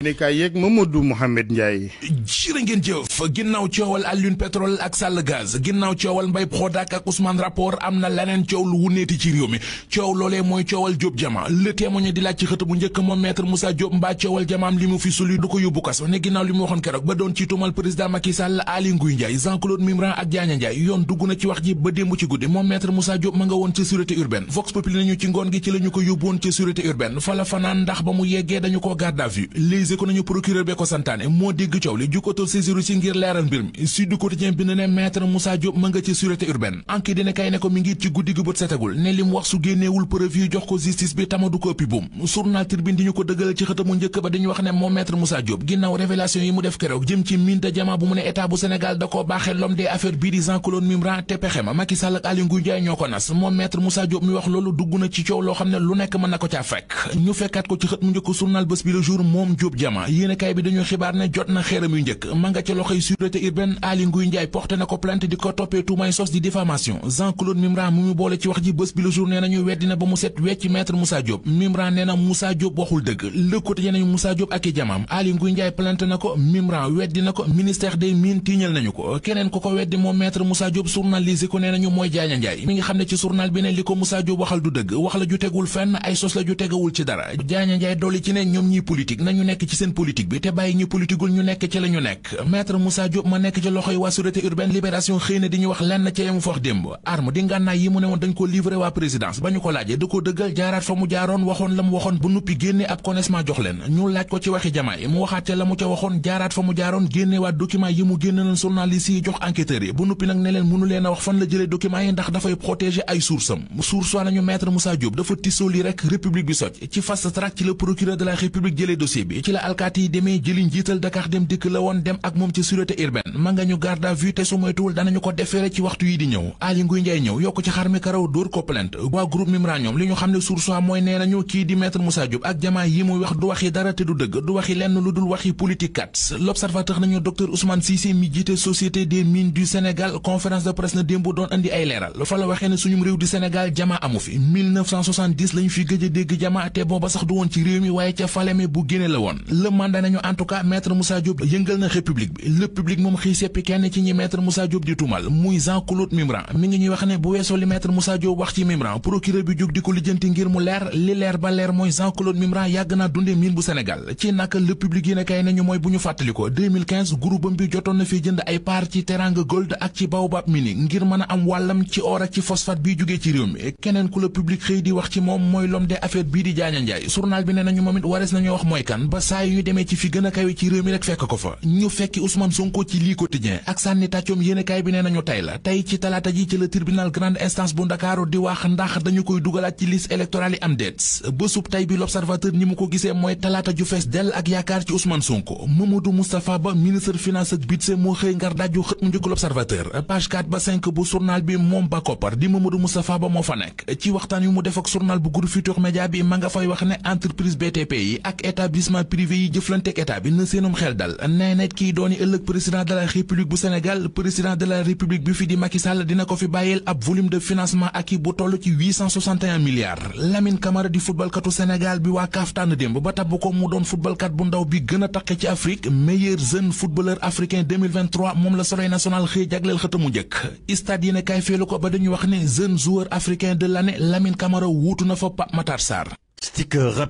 yéenekaay yeeg Mamadou Mouhamed Ndiaye jërë ngeen jëf ginnaaw coowal Alune pétrole ak Sall gaz ginnaaw coowal Mbaye Prodac ak Ousmane rapport am na leneen coow lu wuneeti ci réew mi coow loolee mooy coowal Diop jamaam li mu fi suli du ko yóbbu kaso ne ginnaaw li mu waxoon ba doon ci tuumal président Macky Sall Aly Ngouille Ndiaye Jean Claude Mimran ak Diagne Ndiaye yoon dugg na ci wax ji ba démb ci guddi moom maître Moussa Diop ma nga woon ci sûreté autorisé moo dégg coow li juk autosaisiru ci ngir leeral mbir mi Sud Quotidien bi ne maître Moussa Diop ma nga ci sûreté urbaine enquête dina kay ne ko mi ngi ci guddi gu bët ne lim wax su génneewul preuve jox ko justice bi tamadu ko ëppi buum journal Tribune di ko dëggal ci xëtamu njëkk ba dañu wax ne moom maître Moussa Diop ginnaaw révélation yi mu def keroog jëm ci mine de bu mu ne état bu Sénégal da koo baaxee l'homme des affaires bii di jama yéen a bi dañu xibaar ne jot na xeeram yu njëkk ma nga ca loxoy sûreté urbaine Aly Ngouille Ndiaye porté na ko plainte di ko toppee tuumaay sos di diffamation Jean Claude Mimran mu mu boole ci wax ji bés bi le jour nee nañu weddi na ba mu set wecc maître Moussa Diop Mimran nee na Moussa Diop waxul dëgg lëkkute yeenañu Moussa Diop ak i jamaam Aly Ngouille Ndiaye plainte na ko Mimran weddi na ko ministère des mines tiiñal nañu ko keneen ko ko weddi moom ci seen politique bi te bàyyi ñu politikul ñu nekk ci la ñu nekk maître Moussa Diop ma nekk ci loxoy waa sûreté urbaine libération xëy na di ñu wax lenn ca yamu fax démb arme di ngànnaay yi mu ne woon dañ ko livré waa présidence ba ñu ko laajee da ko dëggal jaaraat fa mu jaaroon waxoon la mu waxoon bu nuppi génne ab connaissement jox leen ñu laaj ko ci waxi jamaay mu waxaate la mu ca waxoon jaaraat fa mu jaaroon génne waa document yi mu génne ne leen mënu leen a wax fan la jëlee document yi ndax dafay protéger ay source am source wa nañu la alkaati yi demee jëli njiital Dakar dem dikk la woon dem ak moom ci sûreté urbaine ma nga ñu garde à vue te su moytuwul danañu ko defeere ci waxtu yi di ñëw Aly Ngouille Ndiaye ñëw yokk ci xar mi karaw dóor ko plainte waa groupe Mimran li ñu xam ne source mooy nee nañu kii di maître Moussa Diop ak jamaa yi muy wax du waxi dara te du dëgg du waxi lenn lu dul waxi politique kat l'observateur nañu docteur Ousmane Cissé mi jiite société des Sénégal conférence de presse na démb ay leeral fa la waxee ne suñum réew Sénégal jamaa amu fi 1970 lañu fi gëj dégg jamaa booba sax woon ci réew mi waaye ca Falémé bu Guinée la le mandat nañu en tout cas maître Moussa Diop yëngal na république bi le public moom xii seppi kenn ci ñi maître Moussa Diop di tumal muy Jean Claude Mimran mi ngi ñuy wax ne bu weesoo li maître Moussa Diop wax ci Mimran procureur bi jóg di ko lijjanti ngir mu leer li leer ba leer mooy Jean Claude Mimran yàgg naa dunde miin bu Sénégal ci naka le public yi nañu mooy bu ñu fàttaliko 2015 groupe bi jotoon na fi jënd ay part ci Teranga Gold a am wàllam ci or ak ci phosphate bi ku la public xëy di wax ci moom mooy l'homme des affaires bii saa yuy demee ci fi gën a ci réew mi rek fekk ko fa ñu fekki Ousmane Sonko ci lii quotidien ak sànni tàccoom yéenekaay bi nee nañu tey la tey ci talaata ji ci la tribunal grande instance bu Ndakaaru di wax ndax dañu koy dugalaat ci liste électorale yi am déet bésub tey bi l'observateur ni mu ko gisee mooy talaata ju fees dell ak yaakaar ci Ousmane Sonko Mamadou Moustapha Ba ministre finance ak budget moo xëy ngar daaju xët mu njëkk l'observateur privé yi jëflanteek état bi na seenum xel dal nee net kii dooni ëllëg président de la république bu Sénégal président de la république bi fi di Macky Sall dina ko fi bàyyeel ab volume de financement ak i bu toll ci 861 milliards Lamine Camara di footballkatu Sénégal bi waa CAF tànn démb ba tabb ko mu doon footballkat bu ndaw bi gën a taqe ci Afrique meilleur jeune footballeur africain 2023 moom la Soleil national xëy jagleel xëta mu njëkk stade yéene kaay feelu ko ba dañuy wax ne jeune joueur africain na fa Pape Matar Sarr. sticker